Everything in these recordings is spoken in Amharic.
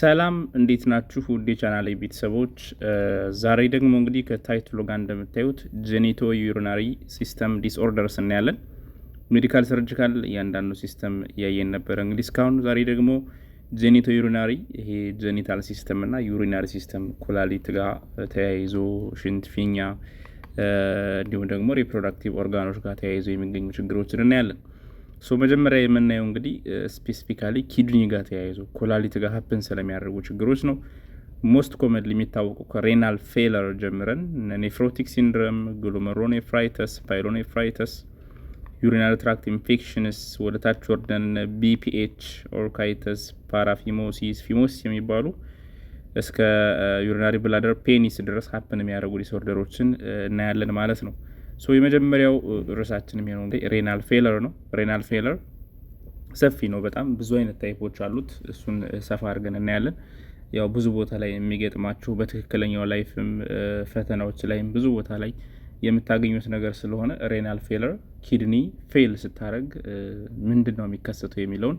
ሰላም እንዴት ናችሁ? ውዴ ቻናል ቤተሰቦች፣ ዛሬ ደግሞ እንግዲህ ከታይትሎ ጋር እንደምታዩት ጄኒቶ ዩሪናሪ ሲስተም ዲስኦርደርስ እናያለን። ሜዲካል ሰርጂካል እያንዳንዱ ሲስተም እያየን ነበረ እንግዲህ እስካሁን። ዛሬ ደግሞ ጄኒቶ ዩሪናሪ ይሄ ጄኒታል ሲስተም እና ዩሪናሪ ሲስተም ኩላሊት ጋር ተያይዞ ሽንት፣ ፊኛ እንዲሁም ደግሞ ሪፕሮዳክቲቭ ኦርጋኖች ጋር ተያይዞ የሚገኙ ችግሮችን እናያለን። ሶ መጀመሪያ የምናየው እንግዲህ ስፔሲፊካሊ ኪድኒ ጋር ተያይዞ ኮላሊት ጋር ሀፕን ስለሚያደርጉ ችግሮች ነው። ሞስት ኮመድ የሚታወቁ ከሬናል ፌለር ጀምረን ኔፍሮቲክ ሲንድረም፣ ግሎመሮኔፍራይተስ፣ ፓይሎኔፍራይተስ፣ ዩሪናል ትራክት ኢንፌክሽንስ ወደታች ወርደን ቢፒኤች፣ ኦርካይተስ፣ ፓራፊሞሲስ ፊሞስ የሚባሉ እስከ ዩሪናሪ ብላደር ፔኒስ ድረስ ሀፕን የሚያደርጉ ዲስኦርደሮችን እናያለን ማለት ነው። የመጀመሪያው ርዕሳችን የሚሆነው ሬናል ፌለር ነው። ሬናል ፌለር ሰፊ ነው፣ በጣም ብዙ አይነት ታይፖች አሉት። እሱን ሰፋ አድርገን እናያለን። ያው ብዙ ቦታ ላይ የሚገጥማችሁ በትክክለኛው ላይፍም ፈተናዎች ላይም ብዙ ቦታ ላይ የምታገኙት ነገር ስለሆነ ሬናል ፌለር ኪድኒ ፌል ስታደረግ ምንድን ነው የሚከሰተው የሚለውን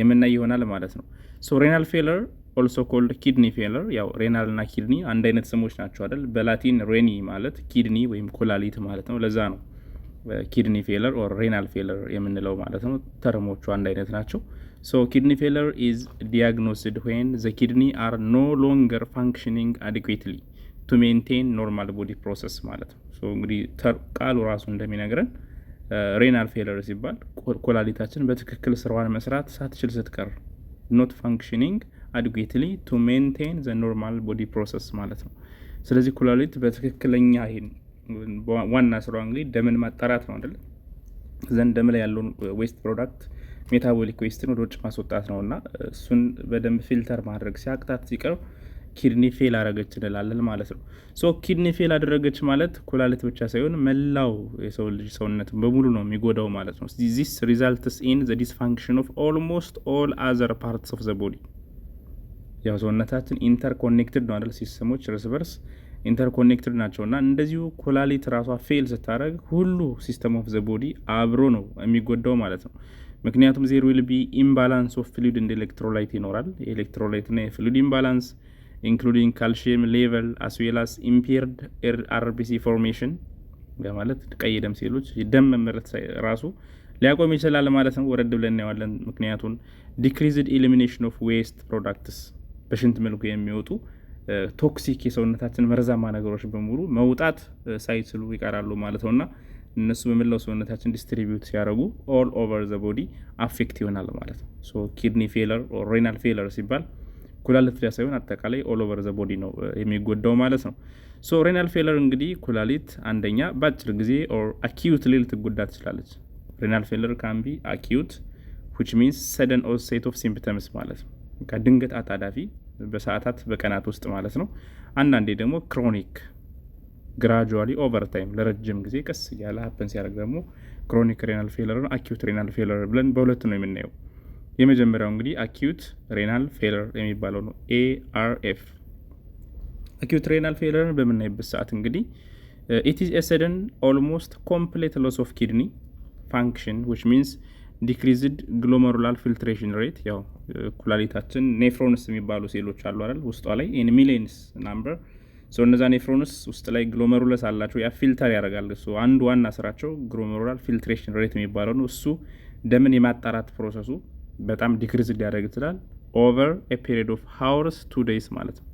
የምናይ ይሆናል ማለት ነው። ሶ ሬናል ፌለር ኦልሶ ኮልድ ኪድኒ ፌለር ያው ሬናል ና ኪድኒ አንድ አይነት ስሞች ናቸው አይደል? በላቲን ሬኒ ማለት ኪድኒ ወይም ኩላሊት ማለት ነው። ለዛ ነው ኪድኒ ፌለር ኦር ሬናል ፌለር የምንለው ማለት ነው። ተርሞቹ አንድ አይነት ናቸው። ሶ ኪድኒ ፌለር ኢዝ ዲያግኖስድ ዌን ዘ ኪድኒ አር ኖ ሎንገር ፋንክሽኒንግ አዲኩዌትሊ ቱ ሜንቴን ኖርማል ቦዲ ፕሮሰስ ማለት ነው። ሶ እንግዲህ ቃሉ ራሱ እንደሚነግረን ሬናል uh, ፌለር ሲባል ኩላሊታችን በትክክል ስራዋን መስራት ሳትችል ስትቀር ኖት ፋንክሽኒንግ አድጌትሊ ቱ ሜንቴን ዘ ኖርማል ቦዲ ፕሮሰስ ማለት ነው። ስለዚህ ኩላሊት በትክክለኛ ይሄን ዋና ስራ እንግዲህ ደምን ማጣራት ነው አይደለ? ዘንድ ደም ላይ ያለውን ዌስት ፕሮዳክት ሜታቦሊክ ዌስትን ወደ ውጭ ማስወጣት ነው እና እሱን በደንብ ፊልተር ማድረግ ሲያቅታት ሲቀርብ ኪድኒ ፌል አደረገች እንላለን ማለት ነው። ሶ ኪድኒ ፌል አደረገች ማለት ኩላሊት ብቻ ሳይሆን መላው የሰው ልጅ ሰውነት በሙሉ ነው የሚጎዳው ማለት ነው። ዚስ ሪዛልትስ ኢን ዘ ዲስፋንክሽን ኦፍ ኦልሞስት ኦል አዘር ፓርትስ ኦፍ ዘ ቦዲ ያው ሰውነታችን ኢንተርኮኔክትድ ነው አይደል? ሲስተሞች እርስ በርስ ኢንተርኮኔክትድ ናቸው እና እንደዚሁ ኩላሊት ራሷ ፌል ስታደረግ ሁሉ ሲስተም ኦፍ ዘ ቦዲ አብሮ ነው የሚጎዳው ማለት ነው። ምክንያቱም ዜር ዊል ቢ ኢምባላንስ ኦፍ ፍሉድ እንደ ኤሌክትሮላይት ይኖራል። የኤሌክትሮላይትና የፍሉድ ኢምባላንስ ኢንክሉዲንግ ካልሽየም ሌቨል አስዌላስ ኢምፔርድ አርቢሲ ፎርሜሽን ማለት ቀይ ደም ሴሎች ደም መመረት ራሱ ሊያቆም ይችላል ማለት ነው። ወረድ ብለን እናየዋለን ምክንያቱን ዲክሪዝድ ኢሊሚኔሽን ኦፍ ዌስት ፕሮዳክትስ በሽንት መልኩ የሚወጡ ቶክሲክ የሰውነታችን መርዛማ ነገሮች በሙሉ መውጣት ሳይችሉ ይቀራሉ ማለት ነውና እነሱ በመላው ሰውነታችን ዲስትሪቢዩት ሲያደርጉ ኦል ኦቨር ዘ ቦዲ አፌክት ይሆናል ማለት ነው። ኪድኒ ፌለር ሬናል ፌለር ሲባል ኩላሊት ብቻ ሳይሆን አጠቃላይ ኦል ኦቨር ዘ ቦዲ ነው የሚጎዳው ማለት ነው። ሶ ሬናል ፌለር እንግዲህ ኩላሊት አንደኛ በአጭር ጊዜ ኦር አኪዩት ሊ ልትጎዳ ትችላለች። ሬናል ፌለር ካን ቢ አኪዩት ዊች ሚንስ ሰደን ኦሴት ኦፍ ሲምፕተምስ ማለት ነው። ድንገት አጣዳፊ በሰዓታት በቀናት ውስጥ ማለት ነው። አንዳንዴ ደግሞ ክሮኒክ ግራጁዋሊ ኦቨርታይም ለረጅም ጊዜ ቀስ እያለ ሀፕን ሲያደርግ ደግሞ ክሮኒክ ሬናል ፌለርን አኪዩት ሬናል ፌለር ብለን በሁለት ነው የምናየው። የመጀመሪያው እንግዲህ አኪዩት ሬናል ፌለር የሚባለው ነው ኤአርኤፍ። አኪዩት ሬናል ፌለርን በምናይበት ሰዓት እንግዲህ ኢት ኢዝ ኤ ሰደን ኦልሞስት ኮምፕሌት ሎስ ኦፍ ኪድኒ ፋንክሽን ዊች ሚንስ ዲክሪዝድ ግሎመሩላል ፊልትሬሽን ሬት ያው ኩላሊታችን ኔፍሮንስ የሚባሉ ሴሎች አሉ አይደል ውስጧ ላይ ኢን ሚሊየንስ ናምበር ሰው እነዛ ኔፍሮንስ ውስጥ ላይ ግሎመሩለስ አላቸው። ያ ፊልተር ያደርጋል። እሱ አንዱ ዋና ስራቸው ግሎመሩላል ፊልትሬሽን ሬት የሚባለው ነው። እሱ ደምን የማጣራት ፕሮሰሱ በጣም ዲክሪዝ ሊያደርግ ይችላል። ኦቨር ኤ ፔሪድ ኦፍ ሀውርስ ቱ ዴይስ ማለት ነው።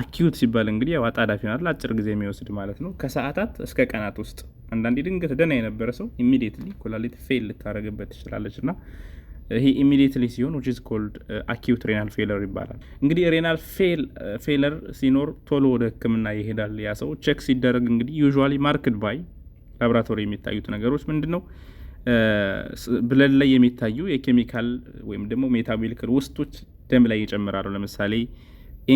አኪዩት ሲባል እንግዲህ ያው አጣዳፊ አጭር ጊዜ የሚወስድ ማለት ነው። ከሰዓታት እስከ ቀናት ውስጥ አንዳንድ ድንገት ደና የነበረ ሰው ኢሚዲየትሊ ኮላሊት ፌል ልታደረግበት ትችላለች እና ይሄ ኢሚዲየትሊ ሲሆን ዊች ኢዝ ኮልድ አኪዩት ሬናል ፌለር ይባላል። እንግዲህ ሬናል ፌለር uh, ሲኖር ቶሎ ወደ ሕክምና ይሄዳል ያ ሰው። ቼክ ሲደረግ እንግዲህ ዩዥዋሊ ማርክድ ባይ ላብራቶሪ የሚታዩት ነገሮች ምንድን ነው? ብለድ uh, ላይ የሚታዩ የኬሚካል ወይም ደግሞ ሜታቦሊክ ውስጦች ደም ላይ ይጨምራሉ። ለምሳሌ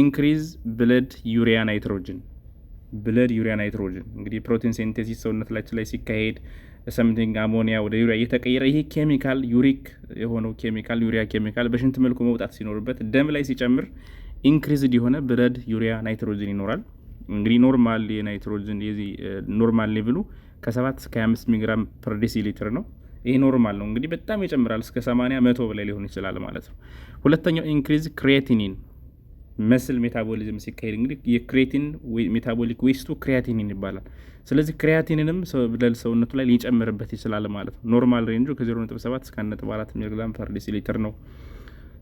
ኢንክሪዝ ብለድ ዩሪያ ናይትሮጅን ብለድ ዩሪያ ናይትሮጅን እንግዲህ ፕሮቲን ሴንቴሲስ ሰውነታችን ላይ ሲካሄድ ሰምቲንግ አሞኒያ ወደ ዩሪያ እየተቀየረ ይሄ ኬሚካል ዩሪክ የሆነው ኬሚካል ዩሪያ ኬሚካል በሽንት መልኩ መውጣት ሲኖርበት ደም ላይ ሲጨምር ኢንክሪዝድ የሆነ ብለድ ዩሪያ ናይትሮጅን ይኖራል። እንግዲህ ኖርማል የናይትሮጅን የዚህ ኖርማል ሌቭሉ ከ7 እስከ 25 ሚሊግራም ፐር ዴሲ ሊትር ነው። ይሄ ኖርማል ነው። እንግዲህ በጣም ይጨምራል። እስከ 80 መቶ በላይ ሊሆን ይችላል ማለት ነው። ሁለተኛው ኢንክሪዝ ክሬቲኒን መስል ሜታቦሊዝም ሲካሄድ እንግዲህ የክሬቲን ሜታቦሊክ ዌስቱ ክሪያቲኒን ይባላል። ስለዚህ ክሪያቲንንም ሰውነቱ ላይ ሊጨምርበት ይችላል ማለት ነው። ኖርማል ሬንጁ ከ0.7 እስከ 1.4 ሚሊግራም ፐር ሊትር ነው።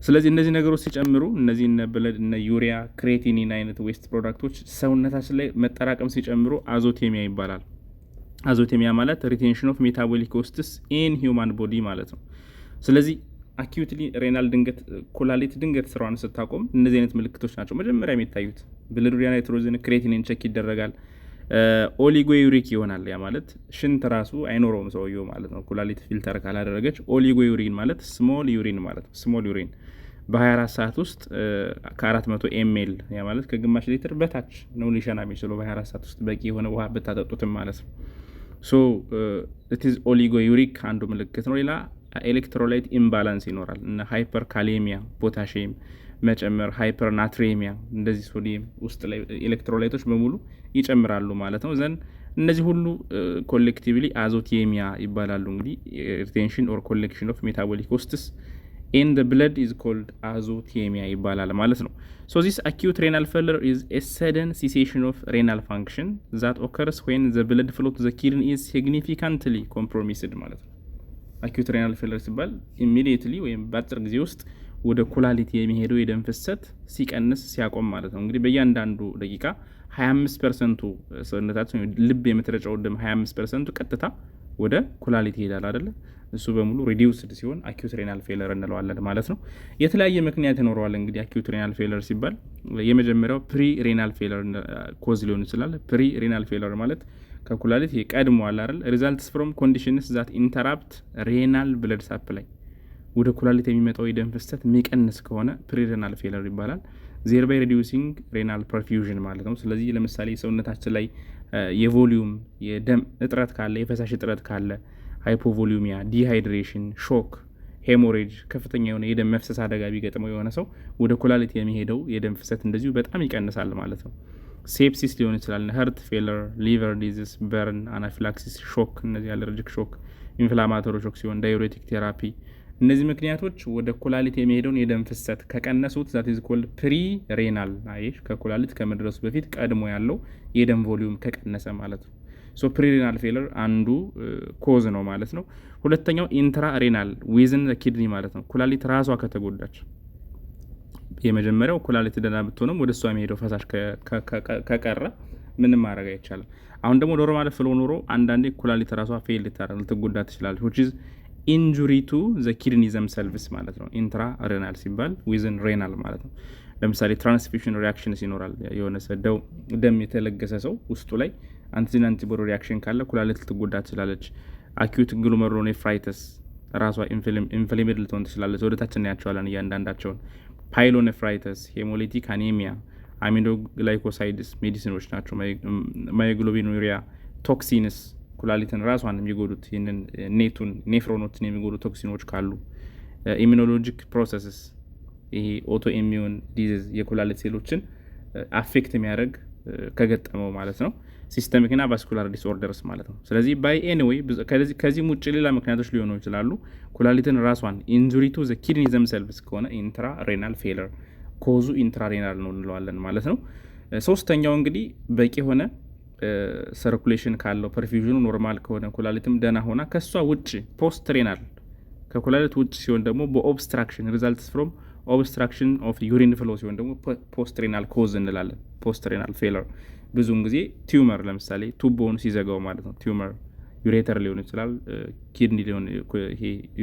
ስለዚህ እነዚህ ነገሮች ሲጨምሩ እነዚህ ብለድ እነ ዩሪያ ክሬቲኒን አይነት ዌስት ፕሮዳክቶች ሰውነታችን ላይ መጠራቀም ሲጨምሩ አዞቴሚያ ይባላል። አዞቴሚያ ማለት ሪቴንሽን ኦፍ ሜታቦሊክ ዌስትስ ኢን ሂውማን ቦዲ ማለት ነው። ስለዚህ አኪዩትሊ ሬናል ድንገት ኩላሊት ድንገት ስራዋን ስታቆም እነዚህ አይነት ምልክቶች ናቸው መጀመሪያ የሚታዩት። ብልሩሪያ ናይትሮጅን ክሬቲኒን ቸክ ይደረጋል። ኦሊጎ ዩሪክ ይሆናል። ያ ማለት ሽንት ራሱ አይኖረውም ሰውየው ማለት ነው፣ ኩላሊት ፊልተር ካላደረገች። ኦሊጎ ዩሪን ማለት ስሞል ዩሪን ማለት ነው። ስሞል ዩሪን በ24 ሰዓት ውስጥ ከ400 ኤምኤል ያ ማለት ከግማሽ ሊትር በታች ነው ሊሸና የሚችለው በ24 ሰዓት ውስጥ በቂ የሆነ ውሃ ብታጠጡትም ማለት ነው። ሶ ኢት ኢዝ ኦሊጎ ዩሪክ አንዱ ምልክት ነው። ሌላ ኤሌክትሮላይት ኢምባላንስ ይኖራል እና ሃይፐር ካሌሚያ ፖታሽም መጨመር ሃይፐር ናትሬሚያ እንደዚህ ሶዲየም ውስጥ ላይ ኤሌክትሮላይቶች በሙሉ ይጨምራሉ ማለት ነው ዘን እነዚህ ሁሉ ኮሌክቲቭሊ አዞቴሚያ ይባላሉ። እንግዲህ ሪቴንሽን ኦር ኮሌክሽን ኦፍ ሜታቦሊክ ውስትስ ኤን ደ ብለድ ኢዝ ኮልድ አዞቴሚያ ይባላል ማለት ነው። ሶ ዚስ አኪዩት ሬናል ፈለር ኢዝ ኤ ሰደን ሲሴሽን ኦፍ ሬናል ፋንክሽን ዛት ኦከርስ ወይን ዘ ብለድ ፍሎ ቱ ዘ ኪድኒ ኢዝ ሲግኒፊካንትሊ ኮምፕሮሚስድ ማለት ነው። አኪዩት ሬናል ፌለር ሲባል ኢሚዲየትሊ ወይም በአጭር ጊዜ ውስጥ ወደ ኩላሊት የሚሄደው የደም ፍሰት ሲቀንስ ሲያቆም ማለት ነው። እንግዲህ በእያንዳንዱ ደቂቃ 25 ፐርሰንቱ ሰውነታችን ልብ የምትረጫው ደም 25 ፐርሰንቱ ቀጥታ ወደ ኩላሊት ይሄዳል አደለ? እሱ በሙሉ ሪዲውስድ ሲሆን አኪዩት ሬናል ፌለር እንለዋለን ማለት ነው። የተለያየ ምክንያት ይኖረዋል። እንግዲህ አኪዩት ሬናል ፌለር ሲባል የመጀመሪያው ፕሪ ሬናል ፌለር ኮዝ ሊሆን ይችላል። ፕሪ ሬናል ፌለር ማለት ከኩላሊት የቀድሞ አላርል ሪዛልትስ ፍሮም ኮንዲሽንስ ዛት ኢንተራፕት ሬናል ብለድ ሳፕላይ ወደ ኩላሊት የሚመጣው የደም ፍሰት የሚቀንስ ከሆነ ፕሪሬናል ፌለር ይባላል። ዜርባይ ሬዲዩሲንግ ሬናል ፐርፊዥን ማለት ነው። ስለዚህ ለምሳሌ ሰውነታችን ላይ የቮሊዩም የደም እጥረት ካለ፣ የፈሳሽ እጥረት ካለ፣ ሃይፖቮሊሚያ፣ ዲሃይድሬሽን፣ ሾክ፣ ሄሞሬጅ፣ ከፍተኛ የሆነ የደም መፍሰስ አደጋ ቢገጥመው የሆነ ሰው ወደ ኩላሊት የሚሄደው የደም ፍሰት እንደዚሁ በጣም ይቀንሳል ማለት ነው። ሴፕሲስ ሊሆን ይችላል። ሀርት ፌለር፣ ሊቨር ዲዚስ፣ በርን፣ አናፊላክሲስ ሾክ፣ እነዚህ አለርጂክ ሾክ፣ ኢንፍላማቶሪ ሾክ ሲሆን ዳይሬቲክ ቴራፒ እነዚህ ምክንያቶች ወደ ኩላሊት የሚሄደውን የደም ፍሰት ከቀነሱት ዛት ኢዝ ኮልድ ፕሪ ሬናል አይሽ፣ ከኩላሊት ከመድረሱ በፊት ቀድሞ ያለው የደም ቮሊዩም ከቀነሰ ማለት ነው። ሶ ፕሪሬናል ፌለር አንዱ ኮዝ ነው ማለት ነው። ሁለተኛው ኢንትራ ሬናል ዊዝን ኪድኒ ማለት ነው። ኩላሊት ራሷ ከተጎዳች የመጀመሪያው ኩላሊት ደህና ብትሆንም ወደ እሷ የሚሄደው ፈሳሽ ከቀረ ምንም ማድረግ አይቻልም። አሁን ደግሞ ዶሮ ማለት ፍሎ ኖሮ አንዳንዴ ኩላሊት ራሷ ፌል ልታደርግ ልትጎዳ ትችላለች። ኢንጁሪ ቱ ዘ ኪድኒዘም ሰልቭስ ማለት ነው። ኢንትራ ሬናል ሲባል ዊዝን ሬናል ማለት ነው። ለምሳሌ ትራንስፊሽን ሪያክሽን ሲኖራል የሆነ ሰደው ደም የተለገሰ ሰው ውስጡ ላይ አንቲጂን አንቲቦዲ ሪያክሽን ካለ ኩላሊት ልትጎዳ ትችላለች። አኪዩት ግሎመሩሎኔፍራይተስ ራሷ ኢንፍሌሜድ ልትሆን ትችላለች። ወደታችን እናያቸዋለን እያንዳንዳቸውን ፓይሎኔፍራይተስ፣ ሄሞሌቲክ አኔሚያ፣ አሚኖግላይኮሳይድስ ሜዲሲኖች ናቸው። ማይግሎቢኑሪያ ቶክሲንስ ኩላሊትን ራሷን የሚጎዱት ይህንን uh, ኔቱን ኔፍሮኖትን የሚጎዱ ቶክሲኖች ካሉ ኢሚኖሎጂክ uh, ፕሮሰስስ ይሄ ኦቶ ኢሚዩን ዲዚዝ የኩላሊት ሴሎችን አፌክት uh, የሚያደርግ ከገጠመው ማለት ነው። ሲስተሚክና ቫስኩላር ዲስኦርደርስ ማለት ነው። ስለዚህ ባይ ኤኒዌይ ከዚህም ውጭ ሌላ ምክንያቶች ሊሆኑ ይችላሉ። ኩላሊትን ራሷን ኢንዙሪቱ ዘ ኪድኒ ዘምሰልቭስ ከሆነ ኢንትራ ሬናል ፌለር ኮዙ ኢንትራ ሬናል ነው እንለዋለን ማለት ነው። ሶስተኛው እንግዲህ በቂ የሆነ ሰርኩሌሽን ካለው ፐርፊዥኑ ኖርማል ከሆነ ኩላሊትም ደህና ሆና ከእሷ ውጭ ፖስት ሬናል ከኩላሊት ውጭ ሲሆን ደግሞ በኦብስትራክሽን ሪዛልትስ ፍሮም ኦብስትራክሽን ኦፍ ዩሪን ፍሎ ሲሆን ደግሞ ሬናል ኮዝ እንላለን። ሬናል ፌለር ብዙውን ጊዜ ቲዩመር ለምሳሌ ቱቦውን ሲዘጋው ማለት ነው። ቲዩመር ዩሬተር ሊሆን ይችላል፣ ኪድኒ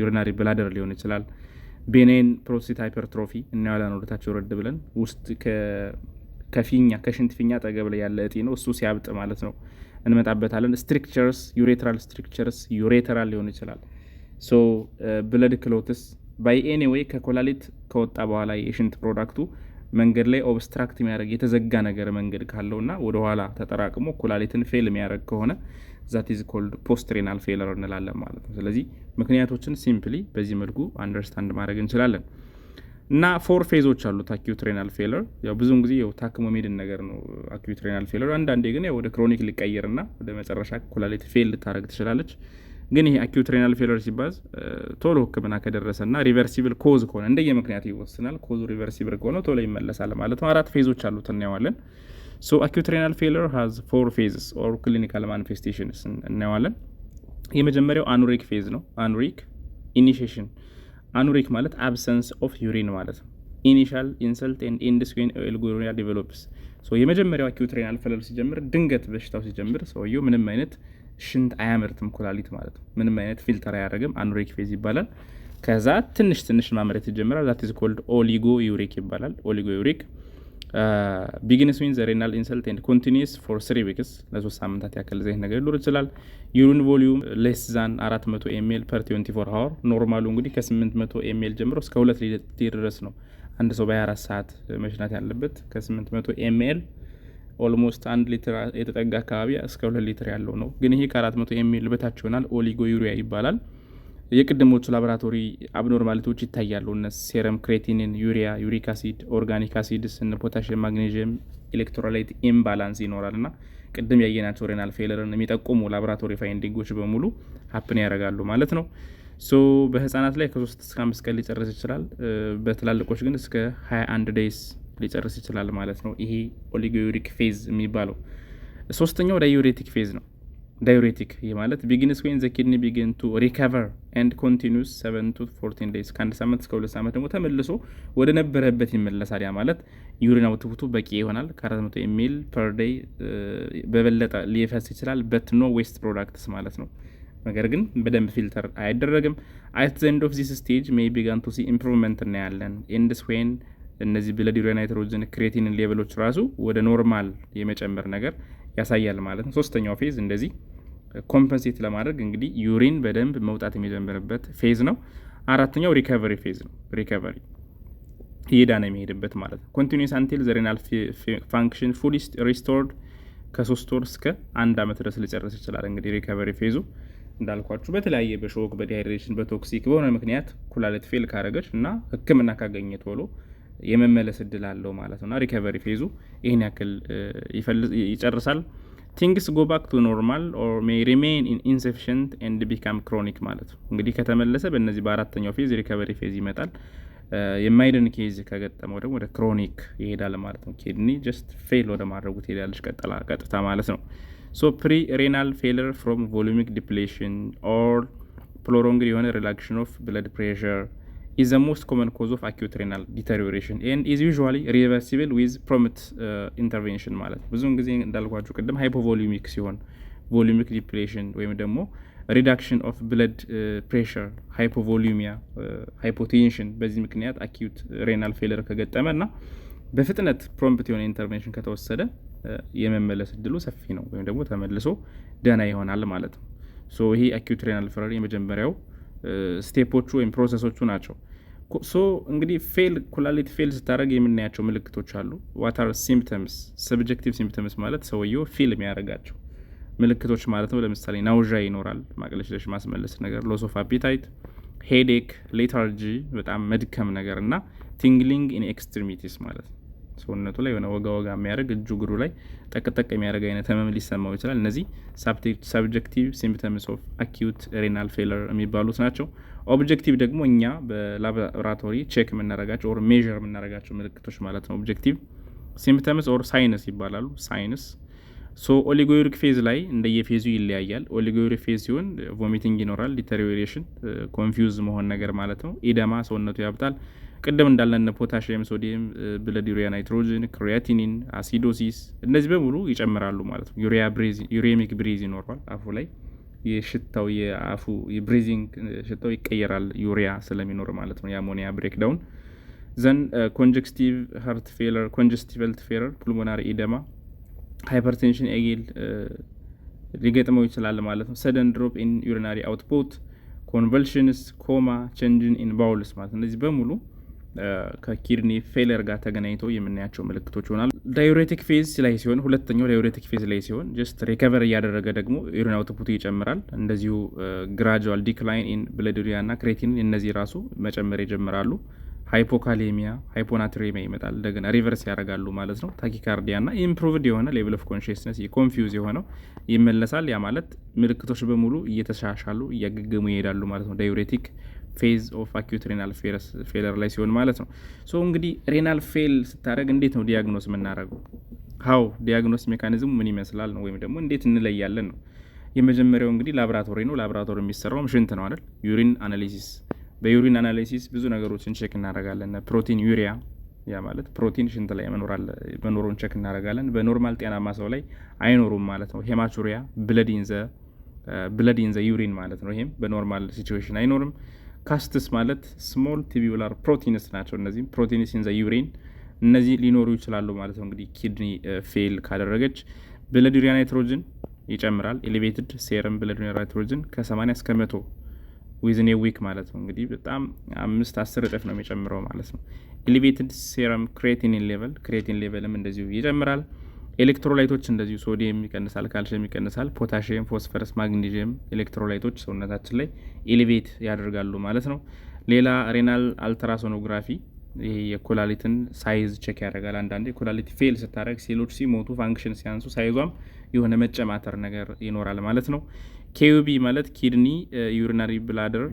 ዩሪናሪ ብላደር ሊሆን ይችላል። ቤናይን ፕሮስቴት ሃይፐርትሮፊ እናያለን። ወደታቸው ረድ ብለን ውስጥ ከፊኛ ከሽንት ፊኛ ጠገብ ላይ ያለ እጢ ነው፣ እሱ ሲያብጥ ማለት ነው። እንመጣበታለን። ስትሪክቸርስ ዩሬትራል ስትሪክቸርስ ዩሬተራል ሊሆን ይችላል። ሶ ብለድ ክሎትስ ባይ ኤኒዌይ ከኮላሊት ከወጣ በኋላ የሽንት ፕሮዳክቱ መንገድ ላይ ኦብስትራክት የሚያደርግ የተዘጋ ነገር መንገድ ካለውና ወደኋላ ተጠራቅሞ ኩላሊትን ፌል የሚያደርግ ከሆነ ዛት ኢዝ ኮልድ ፖስትሬናል ፌለር እንላለን ማለት ነው። ስለዚህ ምክንያቶችን ሲምፕሊ በዚህ መልኩ አንደርስታንድ ማድረግ እንችላለን። እና ፎር ፌዞች አሉት አኪዩት ሬናል ፌለር። ያው ብዙውን ጊዜ ያው ታክሞ ሜድን ነገር ነው አኪዩት ሬናል ፌለር። አንዳንዴ ግን ያው ወደ ክሮኒክ ሊቀየርና ወደ መጨረሻ ኩላሊት ፌል ልታደረግ ትችላለች። ግን ይሄ አኪዩት ሬናል ፌሎር ሲባዝ ቶሎ ከደረሰ ከደረሰና ሪቨርሲብል ኮዝ ከሆነ እንደየ ምክንያቱ ይወስናል። ኮዙ ሪቨርሲብል ከሆነ ቶሎ ይመለሳል ማለት ነው። አራት ፌዞች አሉት እናየዋለን። ሶ አኪዩት ሬናል ፌሎር ሃዝ ፎር ፌዝስ ኦር ክሊኒካል ማኒፌስቴሽንስ እናየዋለን። የመጀመሪያው አኑሪክ ፌዝ ነው። አኑሪክ ኢኒሽሽን አኑሪክ ማለት አብሰንስ ኦፍ ዩሪን ማለት ነው። ኢኒሻል ኢንሰልት ኤንድ ኢንድስ ዌን ዲቨሎፕስ። የመጀመሪያው አኪዩት ሬናል ፌሎር ሲጀምር፣ ድንገት በሽታው ሲጀምር ሰውየው ምንም አይነት ሽንት አያመርትም ኩላሊት ማለት ነው። ምንም አይነት ፊልተር አያደርግም። አኑሬክ ፌዝ ይባላል። ከዛ ትንሽ ትንሽ ማምረት ይጀምራል። ዛት ኢዝ ኮልድ ኦሊጎ ዩሪክ ይባላል። ኦሊጎ ዩሪክ ቢግነስ ዊን ዘሬናል ኢንሰልት ኤንድ ኮንቲኒስ ፎር ስሪ ዊክስ ለሶስት ሳምንታት ያክል ዘይት ነገር ሊኖር ይችላል። ዩሪን ቮሊዩም ሌስ ዛን 400 ኤምኤል ፐር 24 ሀወር። ኖርማሉ እንግዲህ ከ800 ኤምኤል ጀምሮ እስከ 2 ሊትር ድረስ ነው አንድ ሰው በ24 ሰዓት መሽናት ያለበት ከ800 ኤምኤል ኦልሞስት አንድ ሊትር የተጠጋ አካባቢ እስከ ሁለት ሊትር ያለው ነው። ግን ይሄ ከአራት መቶ የሚል በታች ይሆናል። ኦሊጎ ዩሪያ ይባላል። የቅድሞቹ ላቦራቶሪ አብኖርማሊቲዎች ይታያሉ። እነ ሴረም ክሬቲኒን፣ ዩሪያ፣ ዩሪክ አሲድ፣ ኦርጋኒክ አሲድስ፣ እነ ፖታሽን፣ ማግኔዥየም፣ ኤሌክትሮላይት ኢምባላንስ ይኖራል እና ቅድም ያየናቸው ሬናል ፌለርን የሚጠቁሙ ላቦራቶሪ ፋይንዲንጎች በሙሉ ሀፕን ያደርጋሉ ማለት ነው። ሶ በህጻናት ላይ ከሶስት እስከ አምስት ቀን ሊጨርስ ይችላል። በትላልቆች ግን እስከ 21 ደይስ ሊጨርስ ይችላል ማለት ነው። ይሄ ኦሊጎዩሪክ ፌዝ የሚባለው ሶስተኛው ዳዩሬቲክ ፌዝ ነው። ዳዩሬቲክ ይህ ማለት ቢግንስ ወይን ዘ ኪድኒ ቢግን ቱ ሪካቨር ኤንድ ኮንቲኒስ ሰቨን ቱ ፎርቲን ዴይዝ ከአንድ ሳምንት እስከ ሁለት ሳምንት ደግሞ ተመልሶ ወደ ነበረበት ይመለሳል። ያ ማለት ዩሪን አውትፑቱ በቂ ይሆናል። ከአራት መቶ ኤሚል ፐር ዴይ በበለጠ ሊፈስ ይችላል በት ኖ ዌስት ፕሮዳክትስ ማለት ነው። ነገር ግን በደንብ ፊልተር አይደረግም። አት ዘ ኤንድ ኦፍ ዚስ ስቴጅ ሜይ ቢጋን ቱ ሲ ኢምፕሩቭመንት እናያለን ኢንድስ ወይን እነዚህ ብለዲሮ ናይትሮጅን ክሬቲንን ሌቨሎች ራሱ ወደ ኖርማል የመጨመር ነገር ያሳያል ማለት ነው። ሶስተኛው ፌዝ እንደዚህ ኮምፐንሴት ለማድረግ እንግዲህ ዩሪን በደንብ መውጣት የሚጀምርበት ፌዝ ነው። አራተኛው ሪከቨሪ ፌዝ ነው። ሪከቨሪ እየዳነ የሚሄድበት ማለት ነው። ኮንቲኒስ አንቴል ዘሬናል ፋንክሽን ፉሊ ሪስቶርድ ከሶስት ወር እስከ አንድ ዓመት ድረስ ሊጨርስ ይችላል። እንግዲህ ሪከቨሪ ፌዙ እንዳልኳችሁ በተለያየ በሾክ በዲሃይድሬሽን በቶክሲክ በሆነ ምክንያት ኩላሊት ፌል ካረገች እና ህክምና ካገኘ ቶሎ የመመለስ እድል አለው ማለት ነው። እና ሪከቨሪ ፌዙ ይህን ያክል ይጨርሳል። ቲንግስ ጎ ባክ ቱ ኖርማል ኦር ሜይ ሪሜን ኢንሰፊሽንት ኤንድ ቢካም ክሮኒክ ማለት ነው። እንግዲህ ከተመለሰ በእነዚህ በአራተኛው ፌዝ ሪከቨሪ ፌዝ ይመጣል። የማይድን ኬዝ ከገጠመው ደግሞ ወደ ክሮኒክ ይሄዳል ማለት ነው። ኪድኒ ጀስት ፌል ወደ ማድረጉ ትሄዳለች ቀጥታ ማለት ነው። ሶ ፕሪ ሬናል ፌለር ፍሮም ቮሉሚክ ዲፕሌሽን ኦር ፕሮሎንግድ የሆነ ሪላክሽን ኦፍ ብለድ ፕሬር is the most common cause of acute renal deterioration and is usually reversible with prompt uh, intervention ማለት ብዙውን ጊዜ እንዳልኳችሁ ቅድም ሃይፖቮሊሚክ ሲሆን ቮሊሚክ ዲፕሬሽን ወይም ደግሞ ሪዳክሽን ኦፍ ብለድ ፕሬሽር ሃይፖቮሊሚያ ሃይፖቴንሽን በዚህ ምክንያት አኪዩት ሬናል ፌለር ከገጠመ እና በፍጥነት ፕሮምፕት የሆነ ኢንተርቬንሽን ከተወሰደ uh, የመመለስ እድሉ ሰፊ ነው፣ ወይም ደግሞ ተመልሶ ደህና ይሆናል ማለት ነው። ይሄ አኪዩት ሬናል ፌለር የመጀመሪያው ስቴፖቹ ወይም ፕሮሰሶቹ ናቸው። ሶ እንግዲህ ፌል ኩላሊት ፌል ስታደረግ የምናያቸው ምልክቶች አሉ። ዋታር ሲምፕተምስ ሰብጀክቲቭ ሲምፕተምስ ማለት ሰውየው ፊል የሚያደርጋቸው ምልክቶች ማለት ነው። ለምሳሌ ናውዣ ይኖራል፣ ማቅለሽለሽ፣ ማስመለስ ነገር፣ ሎስ ኦፍ አፒታይት፣ ሄዴክ፣ ሌታርጂ በጣም መድከም ነገር እና ቲንግሊንግ ኢን ኤክስትሪሚቲስ ማለት ነው። ሰውነቱ ላይ የሆነ ወጋ ወጋ የሚያደርግ እጁ እግሩ ላይ ጠቅጠቅ የሚያደርግ አይነት ህመም ሊሰማው ይችላል። እነዚህ ሳብጀክቲቭ ሲምፕተምስ ኦፍ አኪዩት ሬናል ፌለር የሚባሉት ናቸው። ኦብጀክቲቭ ደግሞ እኛ በላቦራቶሪ ቼክ የምናረጋቸው ኦር ሜዥር የምናረጋቸው ምልክቶች ማለት ነው። ኦብጀክቲቭ ሲምፕተምስ ኦር ሳይንስ ይባላሉ። ሳይንስ ሶ ኦሊጎሪክ ፌዝ ላይ እንደየፌዙ ይለያያል። ኦሊጎሪክ ፌዝ ሲሆን ቮሚቲንግ ይኖራል፣ ዲተሪዮሬሽን ኮንፊውዝ uh, መሆን ነገር ማለት ነው። ኢደማ ሰውነቱ ያብጣል። ቅድም እንዳልነን ፖታሽየም፣ ሶዲየም፣ ብለድ ዩሪያ ናይትሮጅን፣ ክሪያቲኒን፣ አሲዶሲስ እነዚህ በሙሉ ይጨምራሉ ማለት ነው። ዩሪያ ዩሬሚክ ብሬዝ ይኖረዋል አፉ ላይ የሽታው የአፉ የብሬዚንግ ሽታው ይቀየራል ዩሪያ ስለሚኖር ማለት ነው። የአሞኒያ ብሬክዳውን ዘን ኮንጀክስቲቭ ሀርት ፌለር፣ ኮንጀስቲቭ ሄልት ፌለር፣ ፑልሞናሪ ኢደማ፣ ሃይፐርቴንሽን ኤጌል ሊገጥመው ይችላል ማለት ነው። ሰደን ድሮፕ ኢን ዩሪናሪ አውትፖት፣ ኮንቨልሽንስ፣ ኮማ፣ ቸንጅን ኢን ባውልስ ማለት ነው። እነዚህ በሙሉ ከኪድኒ ፌለር ጋር ተገናኝተው የምናያቸው ምልክቶች ይሆናል። ዳዩሬቲክ ፌዝ ላይ ሲሆን ሁለተኛው ዳዩሬቲክ ፌዝ ላይ ሲሆን ጀስት ሪከቨር እያደረገ ደግሞ ዩሪን አውትፑቱ ይጨምራል። እንደዚሁ ግራጁዋል ዲክላይን ኢን ብለድ ዩሪያ እና ክሬቲን እነዚህ ራሱ መጨመር ይጀምራሉ። ሃይፖካሌሚያ ሃይፖናትሬሚያ ይመጣል። እንደገና ሪቨርስ ያደርጋሉ ማለት ነው። ታኪካርዲያ ና ኢምፕሩቭድ የሆነ ሌቭል ኦፍ ኮንሽስነስ ኮንፊውዝ የሆነው ይመለሳል። ያ ማለት ምልክቶች በሙሉ እየተሻሻሉ እያገገሙ ይሄዳሉ ማለት ነው ዳዩሬቲክ ፌዝ ኦፍ አኪዩት ሬናል ፌለር ላይ ሲሆን ማለት ነው። ሶ እንግዲህ ሬናል ፌል ስታደረግ እንዴት ነው ዲያግኖስ የምናደረገው? ሀው ዲያግኖስ ሜካኒዝሙ ምን ይመስላል ነው ወይም ደግሞ እንዴት እንለያለን ነው። የመጀመሪያው እንግዲህ ላብራቶሪ ነው። ላብራቶሪ የሚሰራውም ሽንት ነው አይደል? ዩሪን አናሊሲስ። በዩሪን አናሊሲስ ብዙ ነገሮችን ቼክ እናደረጋለን። ፕሮቲን ዩሪያ ያ ማለት ፕሮቲን ሽንት ላይ መኖሩን ቼክ እናደርጋለን። በኖርማል ጤናማ ሰው ላይ አይኖሩም ማለት ነው። ሄማቹሪያ ብለድ ኢን ዘ ዩሪን ማለት ነው። ይሄም በኖርማል ሲቹዌሽን አይኖርም። ካስትስ ማለት ስሞል ቲቢውላር ፕሮቲንስ ናቸው። እነዚህም ፕሮቲንስ ኢን ዩሬን እነዚህ ሊኖሩ ይችላሉ ማለት ነው። እንግዲህ ኪድኒ ፌል uh, ካደረገች ብለዱሪያ ናይትሮጅን ይጨምራል። ኤሌቬትድ ሴረም ብለዱሪያ ናይትሮጅን ከ80 እስከ መቶ ዊዝን ዊክ ማለት ነው። እንግዲህ በጣም አምስት አስር እጥፍ ነው የሚጨምረው ማለት ነው። ኤሌቬትድ ሴረም ክሬቲኒን ሌቨል ክሬቲን ሌቨልም እንደዚሁ ይጨምራል። ኤሌክትሮላይቶች እንደዚሁ ሶዲየም ይቀንሳል፣ ካልሽየም ይቀንሳል። ፖታሽየም፣ ፎስፈረስ፣ ማግኒዥየም ኤሌክትሮላይቶች ሰውነታችን ላይ ኤሌቬት ያደርጋሉ ማለት ነው። ሌላ ሬናል አልትራሶኖግራፊ ይሄ የኮላሊትን ሳይዝ ቼክ ያደርጋል። አንዳንዴ የኮላሊት ፌል ስታደረግ ሴሎች ሲሞቱ ፋንክሽን ሲያንሱ ሳይዟም የሆነ መጨማተር ነገር ይኖራል ማለት ነው። ኬዩቢ ማለት ኪድኒ፣ ዩሪናሪ ብላደር፣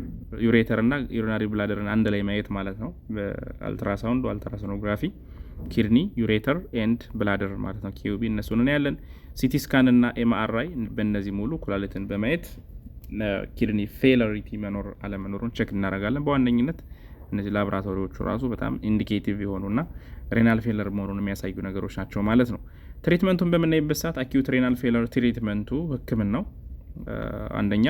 ዩሬተር እና ዩሪናሪ ብላደርን አንድ ላይ ማየት ማለት ነው በአልትራሳውንድ አልትራሶኖግራፊ ኪድኒ፣ ዩሬተር ኤንድ ብላደር ማለት ነው። ኪዩቢ እነሱን ያለን ሲቲ ስካን እና ኤምአርአይ በእነዚህ ሙሉ ኩላሊትን በማየት ኪድኒ ፌለሪቲ መኖር አለመኖሩን ቸክ እናደርጋለን። በዋነኝነት እነዚህ ላብራቶሪዎቹ ራሱ በጣም ኢንዲኬቲቭ የሆኑና ሬናል ፌለር መሆኑን የሚያሳዩ ነገሮች ናቸው ማለት ነው። ትሪትመንቱን በምናይበት ሰዓት አኪዩት ሬናል ፌለር ትሪትመንቱ ህክምናው አንደኛ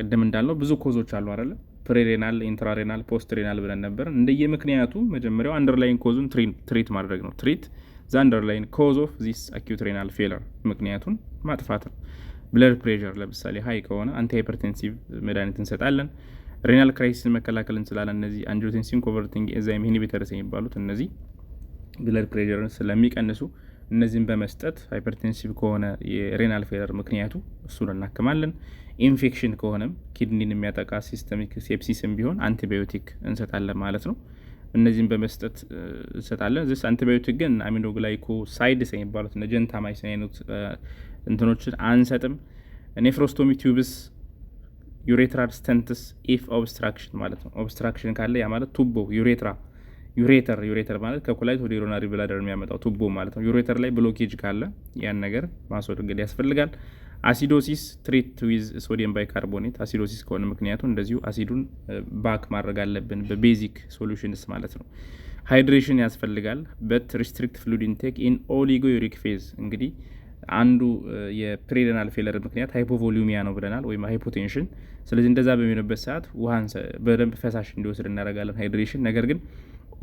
ቅድም እንዳልነው ብዙ ኮዞች አሉ አይደለም ፕሬሬናል፣ ኢንትራሬናል፣ ፖስትሬናል ብለን ነበር። እንደየ ምክንያቱ መጀመሪያው አንደርላይን ኮዙን ትሪት ማድረግ ነው። ትሪት ዛ አንደርላይን ኮዝ ኦፍ ዚስ አኪዩት ሬናል ፌለር ምክንያቱን ማጥፋት ነው። ብለድ ፕሬር ለምሳሌ ሀይ ከሆነ አንቲ ሃይፐርቴንሲቭ መድኃኒት እንሰጣለን። ሬናል ክራይሲስን መከላከል እንችላለን። እነዚህ አንጂዮቴንሲን ኮቨርቲንግ ኤንዛይም ኢንሂቢተርስ የሚባሉት እነዚህ ብለድ ፕሬርን ስለሚቀንሱ እነዚህን በመስጠት ሃይፐርቴንሲቭ ከሆነ የሬናል ፌለር ምክንያቱ እሱን እናክማለን። ኢንፌክሽን ከሆነም ኪድኒን የሚያጠቃ ሲስተሚክ ሴፕሲስም ቢሆን አንቲባዮቲክ እንሰጣለን ማለት ነው። እነዚህም በመስጠት እንሰጣለን። ዚስ አንቲባዮቲክ ግን አሚኖግላይኮ ሳይድስ የሚባሉት እነ ጀንታማይሲን አይነት እንትኖችን አንሰጥም። ኔፍሮስቶሚ ቲዩብስ፣ ዩሬትራል ስተንትስ ኢፍ ኦብስትራክሽን ማለት ነው። ኦብስትራክሽን ካለ ያ ማለት ቱቦ ዩሬትራ ዩሬተር ዩሬተር ማለት ከኩላሊት ወደ ዩሮናሪ ብላደር የሚያመጣው ቱቦ ማለት ነው። ዩሬተር ላይ ብሎኬጅ ካለ ያን ነገር ማስወገድ ያስፈልጋል። አሲዶሲስ ትሪት ዊዝ ሶዲየም ባይካርቦኔት አሲዶሲስ ከሆነ ምክንያቱ እንደዚሁ አሲዱን ባክ ማድረግ አለብን በቤዚክ ሶሉሽንስ ማለት ነው። ሃይድሬሽን ያስፈልጋል። በት ሪስትሪክት ፍሉድ ኢንቴክ ኢን ኦሊጎ ዩሪክ ፌዝ እንግዲህ አንዱ የፕሪደናል ፌለር ምክንያት ሃይፖቮሊሚያ ነው ብለናል፣ ወይም ሃይፖቴንሽን። ስለዚህ እንደዛ በሚሆንበት ሰዓት ውሃን በደንብ ፈሳሽ እንዲወስድ እናደርጋለን ሃይድሬሽን። ነገር ግን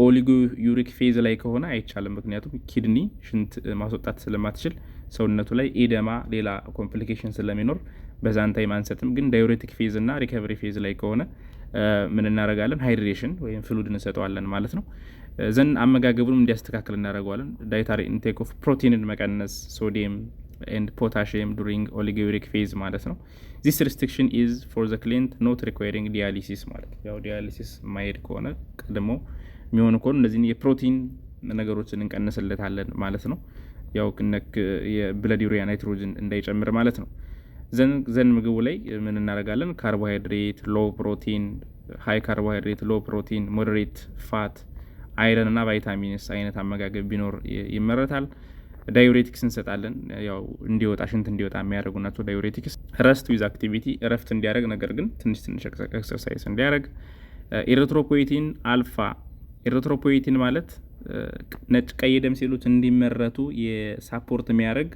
ኦሊጎ ዩሪክ ፌዝ ላይ ከሆነ አይቻልም፣ ምክንያቱም ኪድኒ ሽንት ማስወጣት ስለማትችል ሰውነቱ ላይ ኢደማ ሌላ ኮምፕሊኬሽን ስለሚኖር በዛን ታይም አንሰጥም። ግን ዳዩሬቲክ ፌዝ እና ሪከቨሪ ፌዝ ላይ ከሆነ ምን እናረጋለን? ሃይድሬሽን ወይም ፍሉድ እንሰጠዋለን ማለት ነው። ዘን አመጋገቡንም እንዲያስተካክል እናደረገዋለን። ዳይታሪ ኢንቴክ ኦፍ ፕሮቲንን መቀነስ፣ ሶዲየም ኤንድ ፖታሽየም ዱሪንግ ኦሊጊሪክ ፌዝ ማለት ነው። ዚስ ሪስትሪክሽን ኢዝ ፎር ዘ ክሊንት ኖት ሪኳሪንግ ዲያሊሲስ ማለት ያው ዲያሊሲስ ማሄድ ከሆነ ቀድሞ የሚሆኑ ከሆኑ እነዚህን የፕሮቲን ነገሮችን እንቀንስለታለን ማለት ነው። ያው ክነክ የብለድ ዩሪያ ናይትሮጅን እንዳይጨምር ማለት ነው። ዘን ምግቡ ላይ ምን እናደርጋለን? ካርቦሃይድሬት፣ ሎ ፕሮቲን፣ ሀይ ካርቦሃይድሬት፣ ሎ ፕሮቲን፣ ሞደሬት ፋት፣ አይረን እና ቫይታሚንስ አይነት አመጋገብ ቢኖር ይመረታል። ዳዩሬቲክስ እንሰጣለን። ያው እንዲወጣ ሽንት እንዲወጣ የሚያደርጉ ናቸው ዳዩሬቲክስ። ረስት ዊዝ አክቲቪቲ እረፍት እንዲያደርግ ነገር ግን ትንሽ ትንሽ ኤክሰርሳይዝ እንዲያደርግ። ኤሪትሮፖይቲን አልፋ ኤሪትሮፖይቲን ማለት ነጭ ቀይ ደም ሴሎች እንዲመረቱ የሳፖርት የሚያደርግ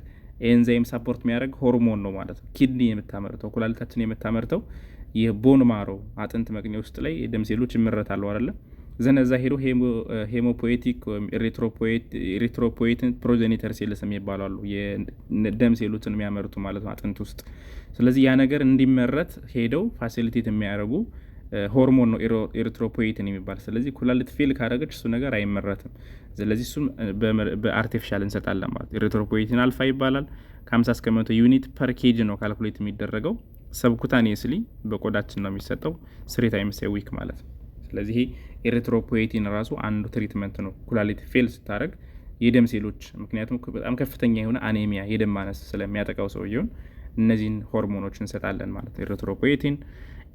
ኤንዛይም ሳፖርት የሚያደርግ ሆርሞን ነው ማለት ነው። ኪድኒ የምታመርተው ኩላሊታችን የምታመርተው የቦን ማሮ አጥንት መቅኔ ውስጥ ላይ ደም ሴሎች ይመረታሉ አይደለም። ዘነዛ ሄዶ ሄሞፖቲክ ወይም ፕሮጀኒተር ሴልስ የሚባሉ አሉ የደም ሴሎችን የሚያመርቱ ማለት ነው አጥንት ውስጥ። ስለዚህ ያ ነገር እንዲመረት ሄደው ፋሲሊቴት የሚያደርጉ ሆርሞን ነው ኤሪትሮፖይትን የሚባል። ስለዚህ ኩላሊት ፌል ካደረገች እሱ ነገር አይመረትም። ስለዚህ እሱም በአርቲፊሻል እንሰጣለን ማለት ኤሪትሮፖይቲን አልፋ ይባላል። ከ50 እስከ መቶ ዩኒት ፐር ኬጅ ነው ካልኩሌት የሚደረገው። ሰብኩታኒየስሊ በቆዳችን ነው የሚሰጠው ስሪ ታይምስ ዊክ ማለት ነው። ስለዚህ ኤሪትሮፖይቲን ራሱ አንዱ ትሪትመንት ነው ኩላሊት ፌል ስታደረግ የደም ሴሎች ምክንያቱም በጣም ከፍተኛ የሆነ አኔሚያ የደም ማነስ ስለሚያጠቃው ሰውየውን እነዚህን ሆርሞኖች እንሰጣለን ማለት ኤሪትሮፖይቲን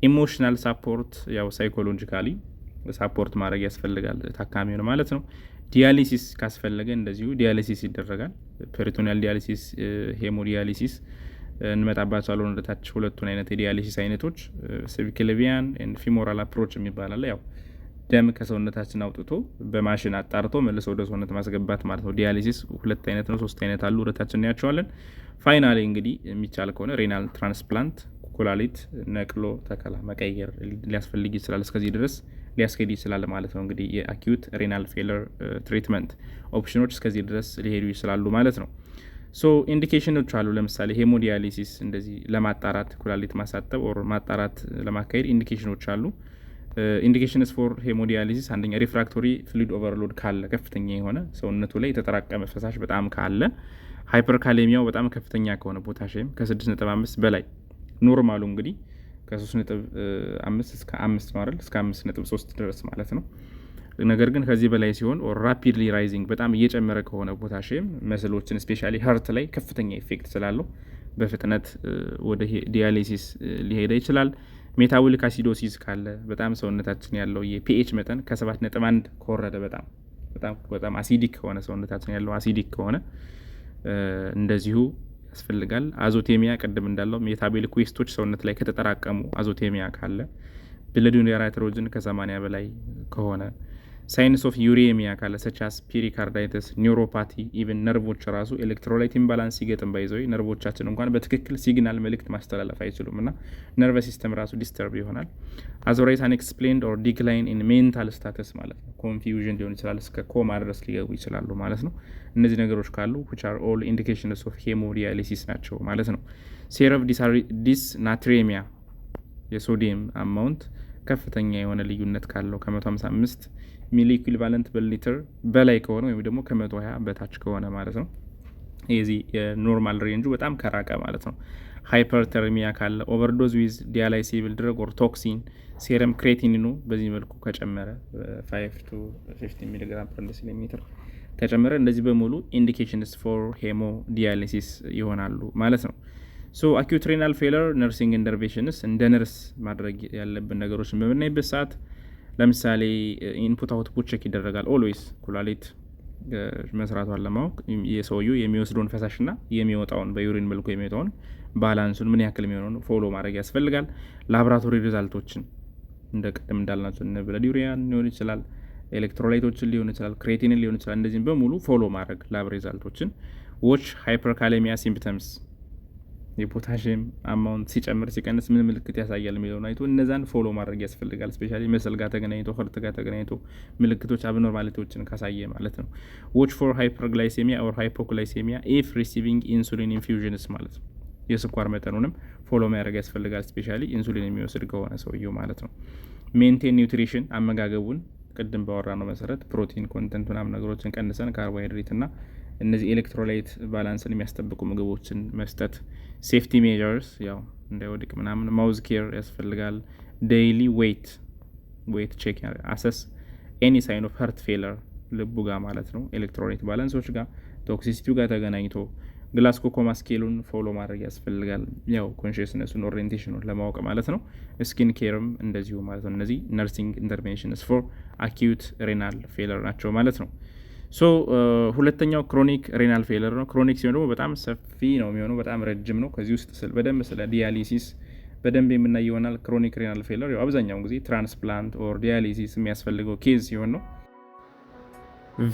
ኢሞሽናል ሳፖርት ያው ሳይኮሎጂካሊ ሳፖርት ማድረግ ያስፈልጋል ታካሚውን ማለት ነው። ዲያሊሲስ ካስፈለገ እንደዚሁ ዲያሊሲስ ይደረጋል። ፔሪቶኒያል ዲያሊሲስ፣ ሄሞዲያሊሲስ እንመጣባቸዋለን ወደታች ሁለቱን አይነት የዲያሊሲስ አይነቶች ስብክልቪያን ፊሞራል አፕሮች የሚባላለ ያው ደም ከሰውነታችን አውጥቶ በማሽን አጣርቶ መልሶ ወደ ሰውነት ማስገባት ማለት ነው። ዲያሊሲስ ሁለት አይነት ነው፣ ሶስት አይነት አሉ፣ ወደታችን እናያቸዋለን። ፋይናሌ እንግዲህ የሚቻል ከሆነ ሬናል ትራንስፕላንት ኩላሊት ነቅሎ ተከላ መቀየር ሊያስፈልግ ይችላል። እስከዚህ ድረስ ሊያስኬድ ይችላል ማለት ነው። እንግዲህ የአኪዩት ሬናል ፌለር uh, ትሪትመንት ኦፕሽኖች እስከዚህ ድረስ ሊሄዱ ይችላሉ ማለት ነው። ሶ ኢንዲኬሽኖች አሉ። ለምሳሌ ሄሞዲያሊሲስ እንደዚህ ለማጣራት ኩላሊት ማሳጠብ ኦር ማጣራት ለማካሄድ ኢንዲኬሽኖች አሉ። ኢንዲኬሽንስ ፎር ሄሞዲያሊሲስ አንደኛ ሪፍራክቶሪ ፍሉድ ኦቨርሎድ ካለ ከፍተኛ የሆነ ሰውነቱ ላይ የተጠራቀመ ፈሳሽ በጣም ካለ፣ ሃይፐርካሌሚያው በጣም ከፍተኛ ከሆነ ፖታሽም ከ6.5 በላይ ኖርማሉ እንግዲህ ከሶስት ነጥብ አምስት እስከ አምስት ነው አይደል? እስከ አምስት ነጥብ ሶስት ድረስ ማለት ነው። ነገር ግን ከዚህ በላይ ሲሆን ራፒድሊ ራይዚንግ በጣም እየጨመረ ከሆነ ፖታሽየም መስሎችን ስፔሻሊ ሀርት ላይ ከፍተኛ ኢፌክት ስላለው በፍጥነት ወደ ዲያሊሲስ ሊሄደ ይችላል። ሜታቦሊክ አሲዶሲስ ካለ በጣም ሰውነታችን ያለው የፒኤች መጠን ከሰባት ነጥብ አንድ ከወረደ በጣም በጣም በጣም አሲዲክ ከሆነ ሰውነታችን ያለው አሲዲክ ከሆነ እንደዚሁ ያስፈልጋል። አዞቴሚያ ቅድም እንዳለው ሜታቤል ኩዌስቶች ሰውነት ላይ ከተጠራቀሙ አዞቴሚያ ካለ ብለዱን የራይትሮጅን ከ80 በላይ ከሆነ ሳይንስ ኦፍ ዩሬሚያ ካለ ሰቻስ ፒሪካርዳይተስ ኒውሮፓቲ ኢቨን ነርቮች ራሱ ኤሌክትሮላይት ኢምባላንስ ሲገጥም ባይዘው ነርቮቻችን እንኳን በትክክል ሲግናል መልእክት ማስተላለፍ አይችሉም እና ነርቭ ሲስተም ራሱ ዲስተርብ ይሆናል። አዘራይት አንኤክስፕሌንድ ኦር ዲክላይን ኢን ሜንታል ስታተስ ማለት ነው። ኮንፊውዥን ሊሆን ይችላል፣ እስከ ኮማ ድረስ ሊገቡ ይችላሉ ማለት ነው። እነዚህ ነገሮች ካሉ ዊች አር ኦል ኢንዲኬሽንስ ኦፍ ሄሞዲያሊሲስ ናቸው ማለት ነው። ሴረቭ ዲስ ናትሬሚያ የሶዲየም አማውንት ከፍተኛ የሆነ ልዩነት ካለው ከ155 ሚሊ ኢኩቫለንት በሊትር በላይ ከሆነ ወይም ደግሞ ከመቶ ሀያ በታች ከሆነ ማለት ነው የዚህ የኖርማል ሬንጁ በጣም ከራቀ ማለት ነው ሃይፐርተርሚያ ካለ ኦቨርዶዝ ዊዝ ዲያላይሲብል ድረግ ኦር ቶክሲን ሴረም ክሬቲኒኑ በዚህ መልኩ ከጨመረ 5 ቱ 15 ሚሊግራም ፐር ዴሲሊሜትር ከጨመረ እነዚህ በሙሉ ኢንዲኬሽንስ ፎር ሄሞ ዲያሊሲስ ይሆናሉ ማለት ነው። ሶ አኪዩት ሬናል ፌለር ነርሲንግ ኢንተርቬንሽንስ እንደ ነርስ ማድረግ ያለብን ነገሮችን በምናይበት ሰዓት ለምሳሌ ኢንፑት አውትፑት ቼክ ይደረጋል ኦልዌይስ ኩላሊት መስራቷን ለማወቅ የሰውዩ የሚወስደውን ፈሳሽና የሚወጣውን በዩሪን መልኩ የሚወጣውን ባላንሱን ምን ያክል የሚሆነውን ፎሎ ማድረግ ያስፈልጋል። ላብራቶሪ ሪዛልቶችን እንደ ቅድም እንዳልናቸው ብለድ ዩሪያን ሊሆን ይችላል፣ ኤሌክትሮላይቶችን ሊሆን ይችላል፣ ክሬቲንን ሊሆን ይችላል። እንደዚህም በሙሉ ፎሎ ማድረግ ላብ ሪዛልቶችን ዎች ሃይፐርካሌሚያ ሲምፕተምስ የፖታሽም አማውንት ሲጨምር ሲቀንስ ምን ምልክት ያሳያል የሚለውን አይቶ እነዛን ፎሎ ማድረግ ያስፈልጋል። ስፔሻሊ መሰል ጋር ተገናኝቶ ከርት ጋር ተገናኝቶ ምልክቶች አብኖርማሊቲዎችን ካሳየ ማለት ነው። ዎች ፎር ሃይፐርግላይሴሚያ ኦር ሃይፖግላይሴሚያ ኢፍ ሪሲቪንግ ኢንሱሊን ኢንፊውዥንስ ማለት ነው። የስኳር መጠኑንም ፎሎ ማድረግ ያስፈልጋል። ስፔሻሊ ኢንሱሊን የሚወስድ ከሆነ ሰውየው ማለት ነው። ሜንቴን ኒውትሪሽን አመጋገቡን ቅድም ባወራ ነው መሰረት ፕሮቲን ኮንተንት ምናምን ነገሮችን ቀንሰን ካርቦሃይድሬት እና እነዚህ ኤሌክትሮላይት ባላንስን የሚያስጠብቁ ምግቦችን መስጠት፣ ሴፍቲ ሜጀርስ ያው እንዳይወድቅ ምናምን፣ ማውዝ ኬር ያስፈልጋል። ዴይሊ ዌይት ዌይት ቼክ አሰስ፣ ኤኒ ሳይን ኦፍ ሀርት ፌለር ልቡ ጋር ማለት ነው ኤሌክትሮላይት ባላንሶች ጋር ቶክሲሲቲው ጋር ተገናኝቶ ግላስኮ ኮማ ስኬሉን ፎሎ ማድረግ ያስፈልጋል። ያው ኮንሽስነሱን ኦሪንቴሽኑን ለማወቅ ማለት ነው። ስኪን ኬርም እንደዚሁ ማለት ነው። እነዚህ ነርሲንግ ኢንተርቬንሽንስ ፎር አኪዩት ሬናል ፌለር ናቸው ማለት ነው። ሶ ሁለተኛው ክሮኒክ ሬናል ፌለር ነው። ክሮኒክ ሲሆን ደግሞ በጣም ሰፊ ነው የሚሆነው፣ በጣም ረጅም ነው። ከዚህ ውስጥ በደንብ ስለ ዲያሊሲስ በደንብ የምናይ ይሆናል። ክሮኒክ ሬናል ፌለር ያው አብዛኛውን ጊዜ ትራንስፕላንት ኦር ዲያሊሲስ የሚያስፈልገው ኬዝ ሲሆን ነው።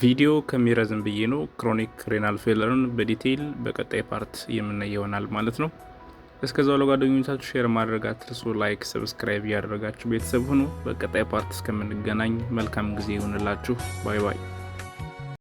ቪዲዮ ከሚረዝም ብዬ ነው ክሮኒክ ሬናል ፌለርን በዲቴይል በቀጣይ ፓርት የምናይ ይሆናል ማለት ነው። እስከዛው ለጓደኞቻችሁ ሼር ማድረግ አትርሱ። ላይክ፣ ሰብስክራይብ እያደረጋችሁ ቤተሰብ ሁኑ። በቀጣይ ፓርት እስከምንገናኝ መልካም ጊዜ ይሆንላችሁ ባይ ባይ።